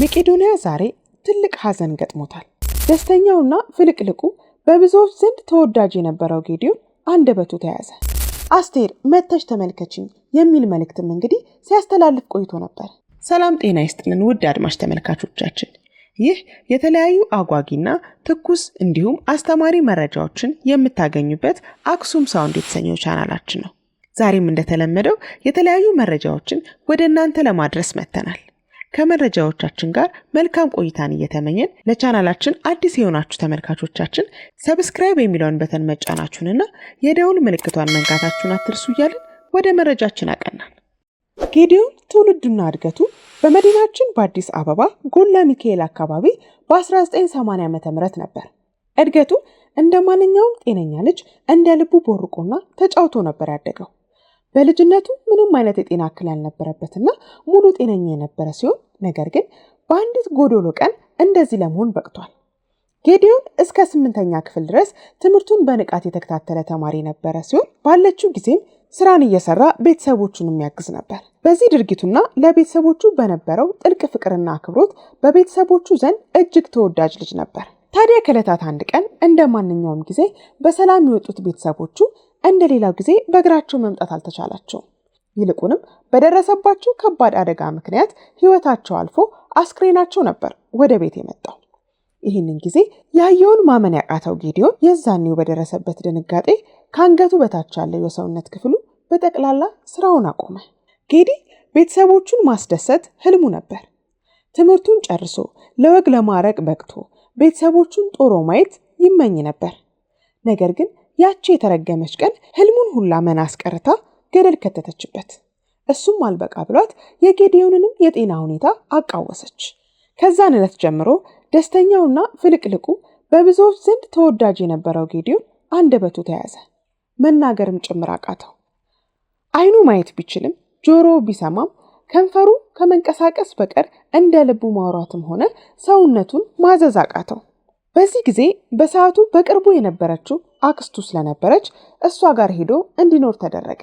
መቄዶንያ ዛሬ ትልቅ ሐዘን ገጥሞታል። ደስተኛውና ፍልቅልቁ በብዙዎች ዘንድ ተወዳጅ የነበረው ጌዲዮን አንደበቱ ተያዘ። አስቴር መተሽ ተመልከችኝ የሚል መልእክትም እንግዲህ ሲያስተላልፍ ቆይቶ ነበር። ሰላም ጤና ይስጥልን ውድ አድማሽ ተመልካቾቻችን፣ ይህ የተለያዩ አጓጊና ትኩስ እንዲሁም አስተማሪ መረጃዎችን የምታገኙበት አክሱም ሳውንድ የተሰኘው ቻናላችን ነው። ዛሬም እንደተለመደው የተለያዩ መረጃዎችን ወደ እናንተ ለማድረስ መጥተናል። ከመረጃዎቻችን ጋር መልካም ቆይታን እየተመኘን ለቻናላችን አዲስ የሆናችሁ ተመልካቾቻችን ሰብስክራይብ የሚለውን በተን መጫናችሁንና የደውል ምልክቷን መንካታችሁን አትርሱ እያልን ወደ መረጃችን አቀናል። ጌዲዮን ትውልዱና እድገቱ በመዲናችን በአዲስ አበባ ጎላ ሚካኤል አካባቢ በ1980 ዓ ም ነበር። እድገቱ እንደ ማንኛውም ጤነኛ ልጅ እንደ ልቡ ቦርቆና ተጫውቶ ነበር ያደገው። በልጅነቱ ምንም አይነት የጤና እክል ያልነበረበትና ሙሉ ጤነኛ የነበረ ሲሆን ነገር ግን በአንዲት ጎዶሎ ቀን እንደዚህ ለመሆን በቅቷል። ጌዲዮን እስከ ስምንተኛ ክፍል ድረስ ትምህርቱን በንቃት የተከታተለ ተማሪ ነበረ ሲሆን ባለችው ጊዜም ስራን እየሰራ ቤተሰቦቹን የሚያግዝ ነበር። በዚህ ድርጊቱና ለቤተሰቦቹ በነበረው ጥልቅ ፍቅርና አክብሮት በቤተሰቦቹ ዘንድ እጅግ ተወዳጅ ልጅ ነበር። ታዲያ ከዕለታት አንድ ቀን እንደ ማንኛውም ጊዜ በሰላም የወጡት ቤተሰቦቹ እንደ ሌላው ጊዜ በእግራቸው መምጣት አልተቻላቸውም። ይልቁንም በደረሰባቸው ከባድ አደጋ ምክንያት ህይወታቸው አልፎ አስክሬናቸው ነበር ወደ ቤት የመጣው። ይህንን ጊዜ ያየውን ማመን ያቃተው ጌዲዮን የዛኔው በደረሰበት ድንጋጤ ከአንገቱ በታች ያለው የሰውነት ክፍሉ በጠቅላላ ስራውን አቆመ። ጌዲ ቤተሰቦቹን ማስደሰት ህልሙ ነበር። ትምህርቱን ጨርሶ ለወግ ለማዕረግ በቅቶ ቤተሰቦቹን ጦሮ ማየት ይመኝ ነበር። ነገር ግን ያቺ የተረገመች ቀን ህልሙን ሁላ መና አስቀርታ ገደል ከተተችበት። እሱም አልበቃ ብሏት የጌዲዮንንም የጤና ሁኔታ አቃወሰች። ከዛን ዕለት ጀምሮ ደስተኛውና ፍልቅልቁ በብዙዎች ዘንድ ተወዳጅ የነበረው ጌዲዮን አንደበቱ ተያዘ፣ መናገርም ጭምር አቃተው። አይኑ ማየት ቢችልም ጆሮ ቢሰማም ከንፈሩ ከመንቀሳቀስ በቀር እንደ ልቡ ማውራትም ሆነ ሰውነቱን ማዘዝ አቃተው። በዚህ ጊዜ በሰዓቱ በቅርቡ የነበረችው አክስቱ ስለነበረች እሷ ጋር ሄዶ እንዲኖር ተደረገ።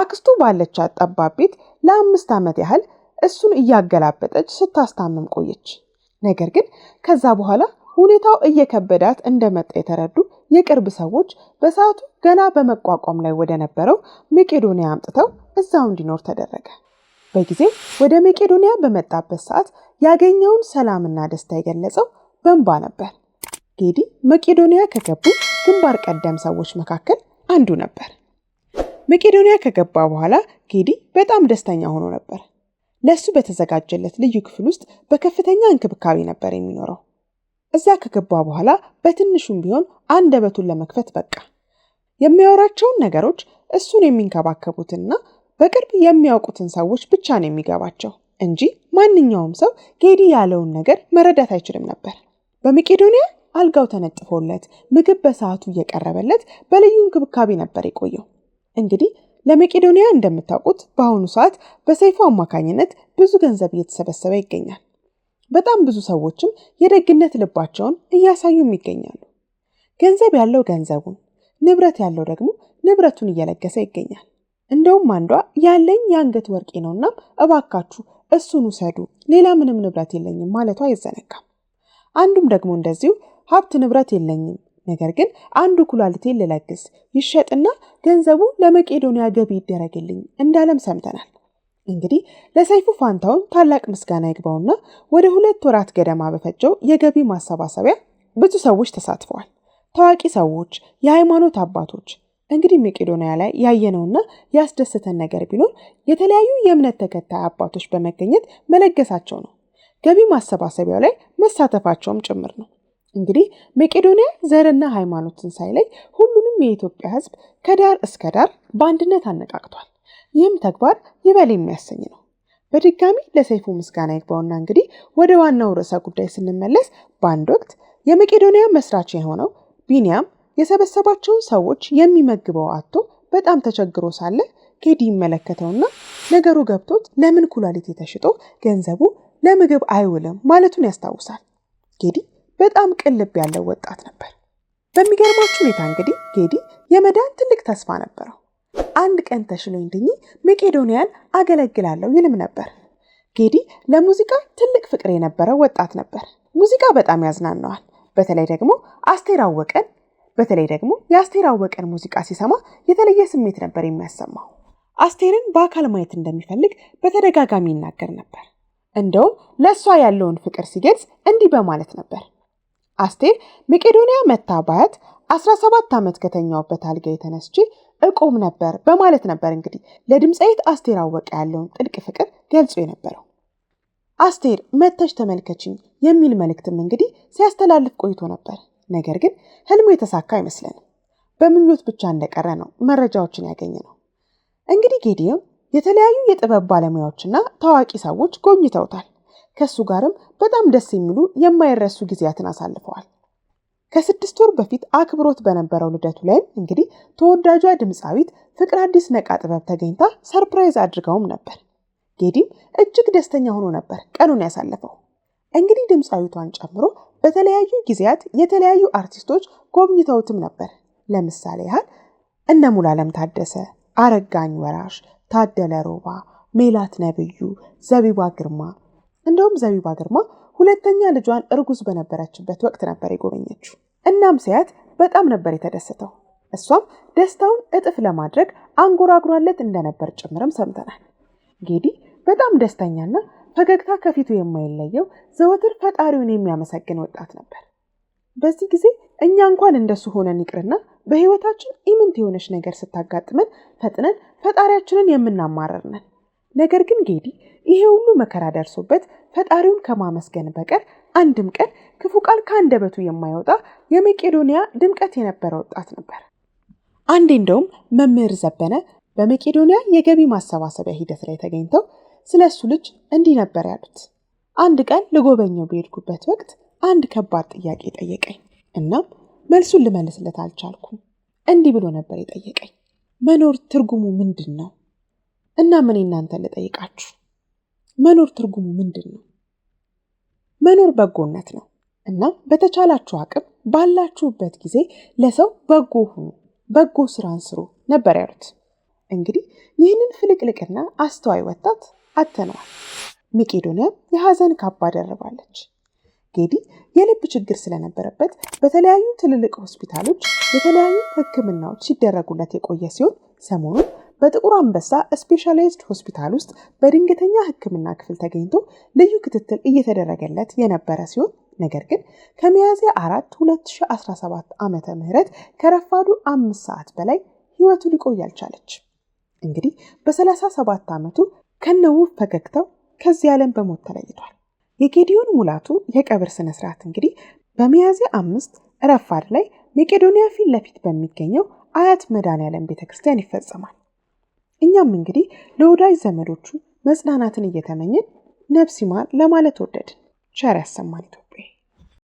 አክስቱ ባለቻት ጠባብ ቤት ለአምስት ዓመት ያህል እሱን እያገላበጠች ስታስታምም ቆየች። ነገር ግን ከዛ በኋላ ሁኔታው እየከበዳት እንደመጣ የተረዱ የቅርብ ሰዎች በሰዓቱ ገና በመቋቋም ላይ ወደ ነበረው መቄዶንያ አምጥተው እዛው እንዲኖር ተደረገ። በጊዜ ወደ መቄዶንያ በመጣበት ሰዓት ያገኘውን ሰላምና ደስታ የገለጸው በእንባ ነበር። ጌዲ መቄዶንያ ከገቡ ግንባር ቀደም ሰዎች መካከል አንዱ ነበር። መቄዶንያ ከገባ በኋላ ጌዲ በጣም ደስተኛ ሆኖ ነበር። ለእሱ በተዘጋጀለት ልዩ ክፍል ውስጥ በከፍተኛ እንክብካቤ ነበር የሚኖረው። እዛ ከገባ በኋላ በትንሹም ቢሆን አንደበቱን ለመክፈት በቃ። የሚያወራቸውን ነገሮች እሱን የሚንከባከቡትና በቅርብ የሚያውቁትን ሰዎች ብቻ ነው የሚገባቸው እንጂ ማንኛውም ሰው ጌዲ ያለውን ነገር መረዳት አይችልም ነበር። በመቄዶንያ አልጋው ተነጥፎለት ምግብ በሰዓቱ እየቀረበለት በልዩ እንክብካቤ ነበር የቆየው። እንግዲህ ለመቄዶንያ እንደምታውቁት በአሁኑ ሰዓት በሰይፉ አማካኝነት ብዙ ገንዘብ እየተሰበሰበ ይገኛል። በጣም ብዙ ሰዎችም የደግነት ልባቸውን እያሳዩም ይገኛሉ። ገንዘብ ያለው ገንዘቡን፣ ንብረት ያለው ደግሞ ንብረቱን እየለገሰ ይገኛል። እንደውም አንዷ ያለኝ የአንገት ወርቄ ነውና እባካችሁ እሱን ውሰዱ፣ ሌላ ምንም ንብረት የለኝም ማለቷ አይዘነጋም። አንዱም ደግሞ እንደዚሁ ሀብት ንብረት የለኝም ነገር ግን አንዱ ኩላሊቴን ልለግስ ይሸጥና ገንዘቡ ለመቄዶንያ ገቢ ይደረግልኝ እንዳለም ሰምተናል። እንግዲህ ለሰይፉ ፋንታውን ታላቅ ምስጋና ይግባውና ወደ ሁለት ወራት ገደማ በፈጀው የገቢ ማሰባሰቢያ ብዙ ሰዎች ተሳትፈዋል። ታዋቂ ሰዎች፣ የሃይማኖት አባቶች። እንግዲህ መቄዶንያ ላይ ያየነውና ያስደሰተን ነገር ቢኖር የተለያዩ የእምነት ተከታይ አባቶች በመገኘት መለገሳቸው ነው። ገቢ ማሰባሰቢያው ላይ መሳተፋቸውም ጭምር ነው። እንግዲህ መቄዶንያ ዘርና ሃይማኖትን ሳይለይ ሁሉንም የኢትዮጵያ ሕዝብ ከዳር እስከ ዳር በአንድነት አነቃቅቷል። ይህም ተግባር ይበል የሚያሰኝ ነው። በድጋሚ ለሰይፉ ምስጋና ይግባውና እንግዲህ ወደ ዋናው ርዕሰ ጉዳይ ስንመለስ በአንድ ወቅት የመቄዶንያ መስራች የሆነው ቢንያም የሰበሰባቸውን ሰዎች የሚመግበው አቶ በጣም ተቸግሮ ሳለ ኬዲ ይመለከተውና ነገሩ ገብቶት ለምን ኩላሊት የተሽጦ ገንዘቡ ለምግብ አይውልም ማለቱን ያስታውሳል። ጌዲ በጣም ቅን ልብ ያለው ወጣት ነበር። በሚገርማችሁ ሁኔታ እንግዲህ ጌዲ የመዳን ትልቅ ተስፋ ነበረው። አንድ ቀን ተሽሎኝ ድኜ መቄዶንያን አገለግላለሁ ይልም ነበር። ጌዲ ለሙዚቃ ትልቅ ፍቅር የነበረው ወጣት ነበር። ሙዚቃ በጣም ያዝናነዋል። በተለይ ደግሞ አስቴር አወቀን በተለይ ደግሞ የአስቴር አወቀን ሙዚቃ ሲሰማ የተለየ ስሜት ነበር የሚያሰማው። አስቴርን በአካል ማየት እንደሚፈልግ በተደጋጋሚ ይናገር ነበር። እንደውም ለእሷ ያለውን ፍቅር ሲገልጽ እንዲህ በማለት ነበር አስቴር መቄዶንያ መታ ባያት 17 ዓመት ከተኛውበት አልጋ የተነስቺ እቆም ነበር በማለት ነበር እንግዲህ ለድምፃዊት አስቴር አወቀ ያለውን ጥልቅ ፍቅር ገልጾ የነበረው። አስቴር መተሽ ተመልከችኝ የሚል መልእክትም እንግዲህ ሲያስተላልፍ ቆይቶ ነበር። ነገር ግን ህልሙ የተሳካ አይመስለንም። በምኞት ብቻ እንደቀረ ነው መረጃዎችን ያገኘ ነው። እንግዲህ ጌዲዮን የተለያዩ የጥበብ ባለሙያዎችና ታዋቂ ሰዎች ጎብኝተውታል። ከእሱ ጋርም በጣም ደስ የሚሉ የማይረሱ ጊዜያትን አሳልፈዋል። ከስድስት ወር በፊት አክብሮት በነበረው ልደቱ ላይም እንግዲህ ተወዳጇ ድምፃዊት ፍቅር አዲስ ነቃ ጥበብ ተገኝታ ሰርፕራይዝ አድርገውም ነበር። ጌዲም እጅግ ደስተኛ ሆኖ ነበር ቀኑን ያሳለፈው። እንግዲህ ድምፃዊቷን ጨምሮ በተለያዩ ጊዜያት የተለያዩ አርቲስቶች ጎብኝተውትም ነበር። ለምሳሌ ያህል እነ ሙላለም ታደሰ፣ አረጋኝ ወራሽ፣ ታደለ ሮባ፣ ሜላት ነብዩ፣ ዘቢባ ግርማ እንደውም ዘቢባ ግርማ ሁለተኛ ልጇን እርጉዝ በነበረችበት ወቅት ነበር የጎበኘችው። እናም ሲያት በጣም ነበር የተደሰተው። እሷም ደስታውን እጥፍ ለማድረግ አንጎራጉራለት እንደነበር ጭምርም ሰምተናል። ጌዲ በጣም ደስተኛና ፈገግታ ከፊቱ የማይለየው ዘወትር ፈጣሪውን የሚያመሰግን ወጣት ነበር። በዚህ ጊዜ እኛ እንኳን እንደሱ ሆነን ይቅርና በህይወታችን ኢምንት የሆነች ነገር ስታጋጥመን ፈጥነን ፈጣሪያችንን የምናማረር ነን። ነገር ግን ጌዲ ይሄ ሁሉ መከራ ደርሶበት ፈጣሪውን ከማመስገን በቀር አንድም ቀን ክፉ ቃል ከአንደበቱ የማይወጣ የመቄዶንያ ድምቀት የነበረ ወጣት ነበር። አንዴ እንደውም መምህር ዘበነ በመቄዶንያ የገቢ ማሰባሰቢያ ሂደት ላይ ተገኝተው ስለ እሱ ልጅ እንዲህ ነበር ያሉት። አንድ ቀን ልጎበኘው በሄድኩበት ወቅት አንድ ከባድ ጥያቄ ጠየቀኝ። እናም መልሱን ልመልስለት አልቻልኩም። እንዲህ ብሎ ነበር የጠየቀኝ፣ መኖር ትርጉሙ ምንድን ነው? እና ምን እናንተ ልጠይቃችሁ፣ መኖር ትርጉሙ ምንድን ነው? መኖር በጎነት ነው እና በተቻላችሁ አቅም ባላችሁበት ጊዜ ለሰው በጎ ሁኑ፣ በጎ ስራን ስሩ ነበር ያሉት። እንግዲህ ይህንን ፍልቅልቅና አስተዋይ ወጣት አተነዋል። መቄዶንያም የሐዘን ካባ ደርባለች። ጌዲ የልብ ችግር ስለነበረበት በተለያዩ ትልልቅ ሆስፒታሎች የተለያዩ ሕክምናዎች ሲደረጉለት የቆየ ሲሆን ሰሞኑን በጥቁር አንበሳ ስፔሻላይዝድ ሆስፒታል ውስጥ በድንገተኛ ሕክምና ክፍል ተገኝቶ ልዩ ክትትል እየተደረገለት የነበረ ሲሆን ነገር ግን ከሚያዝያ አራት 2017 ዓመተ ምህረት ከረፋዱ አምስት ሰዓት በላይ ህይወቱ ሊቆይ አልቻለች። እንግዲህ በ37 ዓመቱ ከነውብ ፈገግታው ከዚህ ዓለም በሞት ተለይቷል። የጌዲዮን ሙላቱ የቀብር ስነስርዓት እንግዲህ በሚያዝያ አምስት ረፋድ ላይ መቄዶንያ ፊት ለፊት በሚገኘው አያት መድኃኔዓለም ቤተክርስቲያን ይፈጸማል። እኛም እንግዲህ ለወዳጅ ዘመዶቹ መጽናናትን እየተመኘን ነፍስ ይማር ለማለት ወደድን። ቸር ያሰማን።